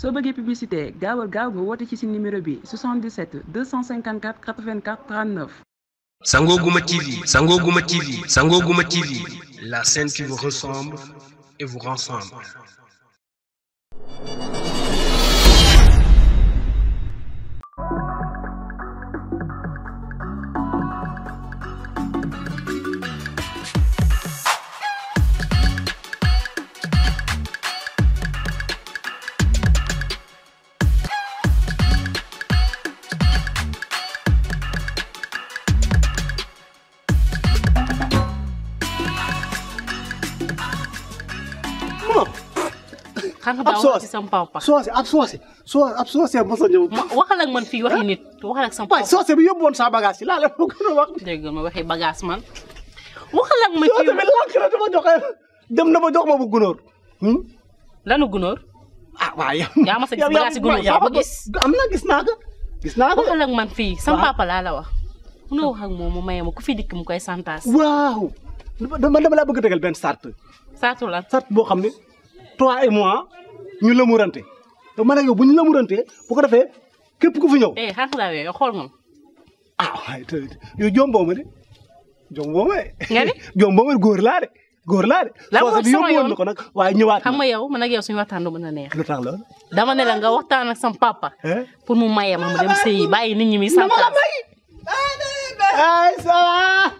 soo publicité gaawal gaaw nga woote ci numéro bi 77 254 84 39. Gouma TV, Gouma TV, Gouma TV, la scène qui vous ressemble et vous rassemble. xam nga daaw wax sama papa. soose ab soose ab soose mos a ñëw. waxal ak man fii waxi nit waxal ak sama papa. waaw soose bi yóbbu sa bagage yi laa la ko gën a wax. dégg ma waxi na dama joxe dem bu gunóor. Hmm? lanu gunóor. ah waaw yow. yaa ma sa gis bagage yi yaa ko gis. am na gis naa gis naa ko. waxal man fii sama papa la wax. munoo wax ak moom mu maye ma ku fii dikk mu koy santaas. waaw man dama laa bëgg a tegal benn sart. sartu lan sart boo xam ne. toi et moi ñu lëmurante te ma ak yow bu ñu lëmurante bu ko defee képp ku fu ñëw. eh xaaral laa yow xool nga ah yow jomboo ma de jomboo ma de. nga ma de góor laa de góor laa de. la ma sama ko nag waaye ñëwaat xam nga yow man ak yow suñu waxtaan du mën a neex. lu tax dama ne la nga waxtaan ak sam papa. Eh? pour mu maye ma mu dem sëyi bàyyi nit ñi muy. sant ay ça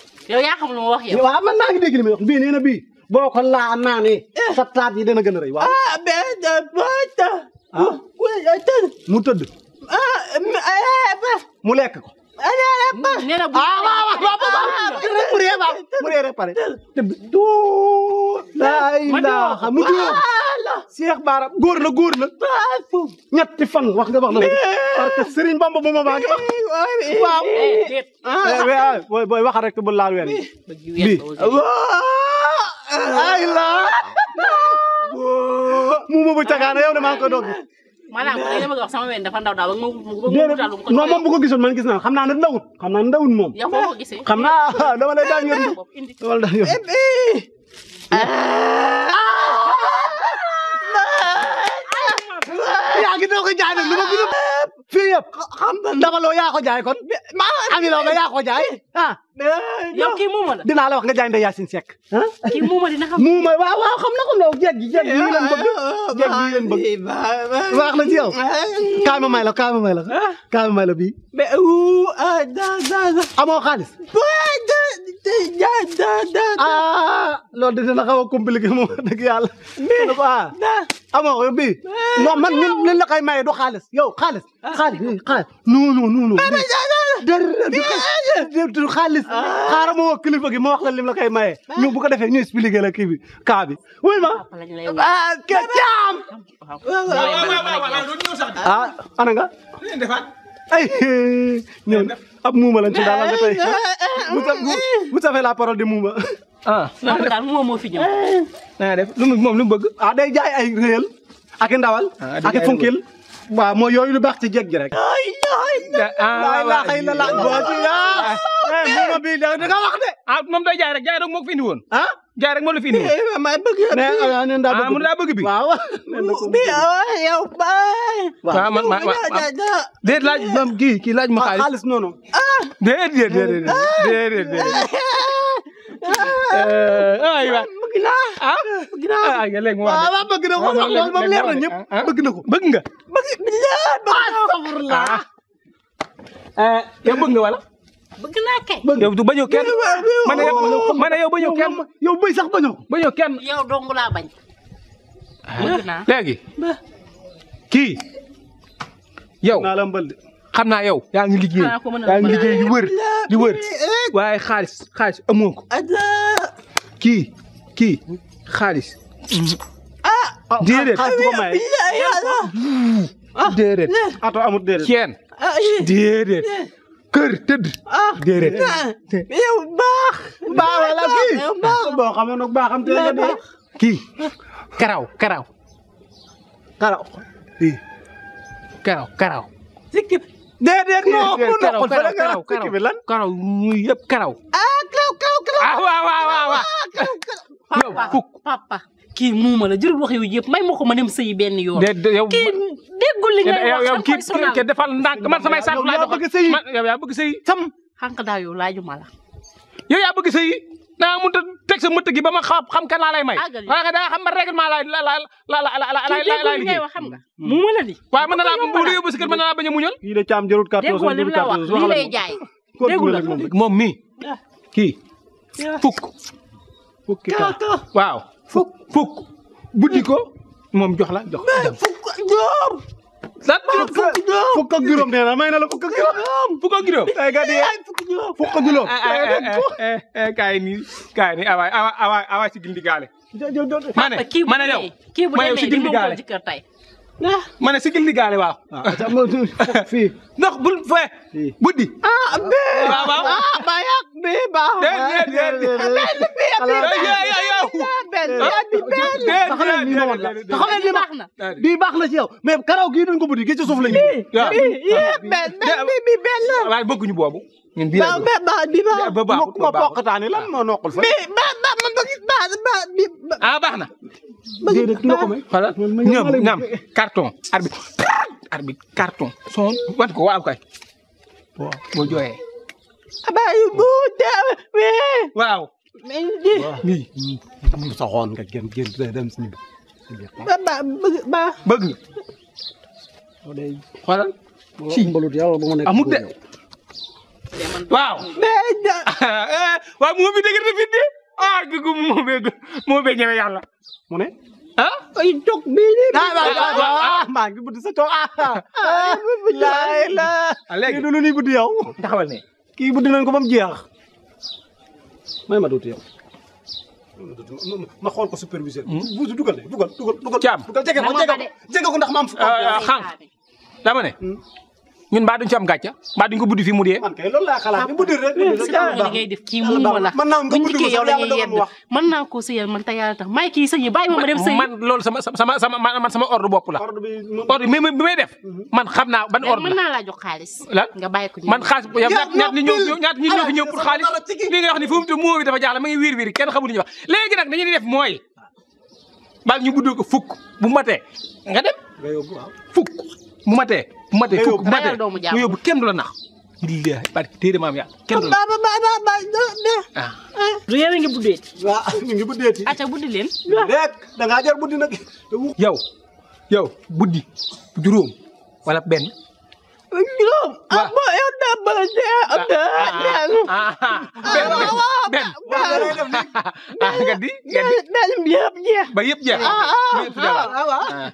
yow yaa xam lu ma wax yow. waaw man maa ngi dégg li may wax bii nee na bii boo ko laa naanee. sa taat yi dana gën a rëy waaw. ah mais de boo ta. ah mu tëdd. ah mu lekk ko. Nena Mureba. Mureba pare. Du la ilaha mu juróom. Cheikh Bara góor la góor la. ñetti fan wax nga wax la. parce que Serigne Bamba bu ma maa ngi wax. waaw. ah booy booy wax rek bu laal weer yi. bii ay la. mu ma bu cagaana yow ne maa ngi ko doog. maanaam da nga bëgg wax sama ween moom bu ko man gis naa xam naa ne ndawut xam naa ndawut moom. yow ko gisee xam naa ah. dama lay daan yor dama daan yor sama loo yaa ko jaay kon. maa ngi loo ba yaa ko jaay yow kii muuma la dinaa la wax nga jaay Ndeye Yacine Seck. kii muuma dina xam muuma waaw waaw xam na ko lool jeeg gi jeeg gi ñu leen bëgg. jeeg gi ñu yow. kaay ma may la kaay ma may la kaay ma may la bii. amoo xaalis. tey jaay daa daa. ah loolu de dina xaw a compliqué moom dëgg yàlla. mais ah. amoo bi non man ñun ñun la koy maye du xaalis yow xaalis. xaalis xaalis non non non non. du xaalis. xaaral ma woo kilifa gi ma wax la lim la koy maye. ñu bu ko defee ñu expliqué la kii bi cas bi. wuy ma ah. ana nga. ay ñoom ab muuma lañ ci daal la tey vous avez la parole de muuma ah. loolu daal muuma moo fi ñëw. lu mu moom lu mu bëgg. ah day jaay ay réel ak ndawal. Ah, ak funkil waaw mooy yooyu lu baax ci jeeg ji rek. ay ay ah, la la boo ci yaa. Ah, eh, da nga wax moom day jaay rek jaay rek moo fi indi woon ah. jarang moo la fi indi maa bëgg yaa ne ndaa bëgg ndaa bëgg bi waaw bi yow ba waaw man ma déet laaj mam kii kii laaj ma xaalis xaalis noonu déet déet déet déet déet aywa bëgg naa ah bëgg naa ah nga léegi mu wax waaw bëgg na ko wala bëgg naa kay. yow du bañu mana man banyak bañu iya, kenn. Iya, banyak bëy banyak bañu. Iya, bañu dong laa bañ. Lagi. Ki. léegi. Nalam yow. naa la mbal de. xam naa yow Diwer. ngi liggéey yaa ngi liggéey di Ki. di wër ah déedéet déedéet ato amut kër tëdd. ah déedéet yow baax. baax bi kii baax ah, boo xamee nag baaxam te kii karaw karaw. karaw. karaw mu noqon ah, karaw karaw karaw ah, karaw kuk papa. kii muuma la jërul wax yow yëpp may ma ko ma dem benn yoon. déggul li ngay wax yow kii ke defal ndànk man samay sànq laa doxal man yow yaa bëgg sëy sam xànq daa yow laaju la yow yaa bëgg sa gi xam xam kan laa lay may waaye da nga xam man règlement laay la la la la la la la li ngay wax mu mën a li waaye mën na bu la yóbbu si kër mën na laa bañ a muñal kii de caam jarut carton déggul lay jaay la jox la jox juróom. lan moo fukk juróom fukk ak juróom nee na may la fukk ak juróom. fukk ak juróom ay gàddi ay fukk juróom. fukk ak juróom. kaay nii kaay nii awaay gaale. ma ne ma ne yow kii bu demee kii ma ne sigil di gaale waaw. Ah, ndax bul fee. buddi. ah bii. Ah, waaw waaw ah bayak bii baax. déedéet déedéet. benn baax na. bii baax na ci yow karaw gii duñ ko buddi gi ci suuf lañu. bii bii benn la. Ah, waaye bëgguñu boobu. ñun bii la bii baax ma poqataani bii ba ba na. déedéet du ma ko may. voilà ñoom ñaam carton. arbitre arbitre carton. son wan ko waaw kay. waaw boo jooyee. abay bu demee. waaw. mais lii. mu soxoon nga gën gën dem si. ba ba bëgg ba. bëgg nga. xoolal. ci mbalut yàlla ba ma nekk amut de. waaw. mais. Eh, waaw mu ngi dëgg na fi de. ah gugu moo bee moo bee ñeme yàlla mu ne ah ay toog bii nii ah, ah, ah maa ngi budd sa toog ah, ah. laay la yow taxawal ne kii buddi nañ ko ba mu jeex may ma dootu yow ma xool ko superviseur hmm? buusu dugal de dugal dugal jege ko jege ko ndax ma am fu xànq dama ne hmm? ñun ba duñ ci am gatcha ba duñ ko buddi fi mudé Menang man kay loolu la xalaat ni buddi rek la ngay def kii mu ma Menang man naa ko buddi yow la ngay yedd man Menang ko sëyal man ta Menang tax may kii sëñ Menang ma ma dem sëy man loolu sama sama sama man sama ordre bop la ordre bi may def mhm. man xamna ban ordre man na la jox xaalis nga Menang ko man xaalis ñaat ñi ñëw ñaat ñi ñëw fi ñëw pour xaalis li nga wax ni fu mu mo wi dafa jaxla ma ngi wir wir kenn xamul ñu wax léegi nak dañuy def moy bal ñu buddu ko fuk bu maté nga dem fuk mu matee bu matee fukk bu matee nga yóbbu kenn du la nax billahi barki téere maam ya kenn du la ba ba ba ba du yewe nga buddeeti waaw ñu ngi buddeeti aca buddi leen rek da nga jar buddi nag yow yow buddi juróom wala Ben, juróom ya ya ah bo yow da ba de am Ben, ben ben ben Ben, Ben, Ben, Ben, Ben, Ben, Ben, Ben, Ben, Ben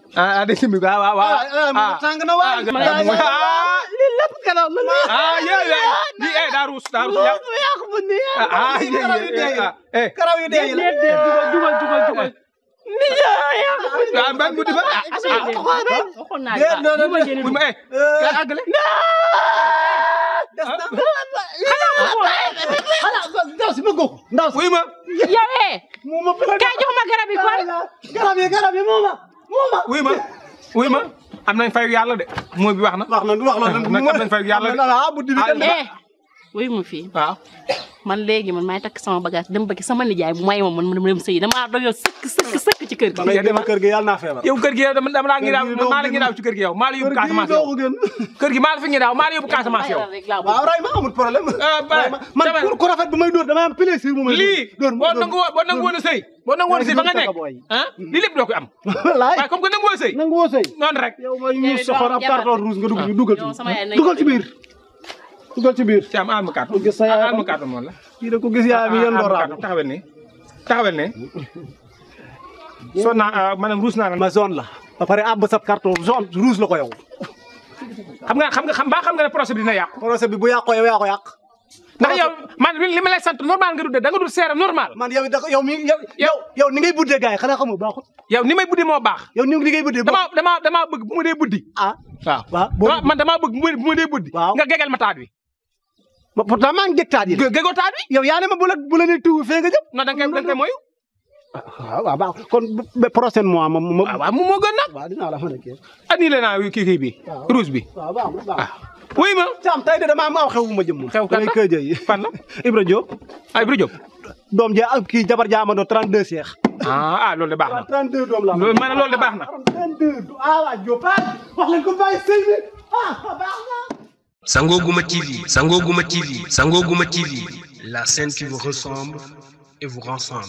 Ah, ada ah, sih juga, wah, wah, ah, sangkan wah, ya, ka na man. Ah, yeah, yeah. Eh, eh, ah, ah, iya, iya. iya, di eh, nah, eh nah. darus, darus ya. Lu ya aku mun ya. Ah, yeah, yeah. Eh, karaw yu dey. Dey dey juga juga juga juga. Ni ya ya aku mun. Gamban mu di ba? Asa aku ka ren. Ko na. Dey, no no. Mun eh. Ka agale. Na. Ndaw si ma go. Ndaw si. Uy ma. Ya eh. Mu ma. Kay jox ma garab yi ko. Garab yi garab yi mu ma. wuy ma wuy ma am nañ fayu yàlla de mooy bi wax na. wax na wax na wax na am nañ fayu yàlla de. wuyu ma fii waaw man léegi man maay takk sama bagage dem ba ki sama nijaay bu may ma man ma dem sëy damaa doyoo sëkk sëkk sëkk ci kër gi. dama dem kër naa feebar. yow kër gi yow dama laa ngi daaw maa la ngi daaw ci kër gi yow maa la maa la maa la yóbbu Casamance ma amul problème. Eh, man pour ku rafet bu may dóor dama am plaisir mu may lii boo nangu woon boo nangu woon a sëy boo nangu woon a sëy ba nga nekk ah lii lépp doo ko am. Eh, nga dugal ah. ci biir dugal ci biir. ci am amukaat ku gis sa yaay amukaat moom la. kii de ku gis yaay mi yoon doo raadu taxawal ne taxawal ne. sonn naa ah, maanaam ruus naa la. ma zone la ba pare àbb sab carton zone ruus la ko yow. xam nga xam nga xam baa xam nga projet bi dina yàqu. projet bi bu yàqoo yow yaa ko ndax yow man li lay sant normal nga dundee da nga dund seeram normal. man yow yow mi yow yow yow ni ngay buddee gars yi xanaa xamoo baaxul. yow ni may buddi moo baax. yow ni ngay buddee damaa damaa damaa bëgg bu ma dee buddi. ah waaw man damaa bëgg bu ma dee buddi. nga gegel ma taat pourtant maa ngi dégg taat yi de. déggoo taat bi. yow yaa ne ma bu la bu la nee tuubu fee nga jëm. non nga koy da nga koy ah, kon ba prochain mois ma ma. waaw ah, waaw moom moo gën nag. a kii. annulé naa kii kii bi. waaw rouge ah. ma. aw xew bu ma jëm. xew kan la kay fan la Ibra Diop. ah Ibra doom ja ak kii jabar jaamandoo 32 seex. ah ah loolu de baax na. ma ne loolu de baax na. 32 ah waa baax na. Sangoguma TV, Sangoguma TV, Sangoguma TV, la scène qui vous ressemble et vous rassemble.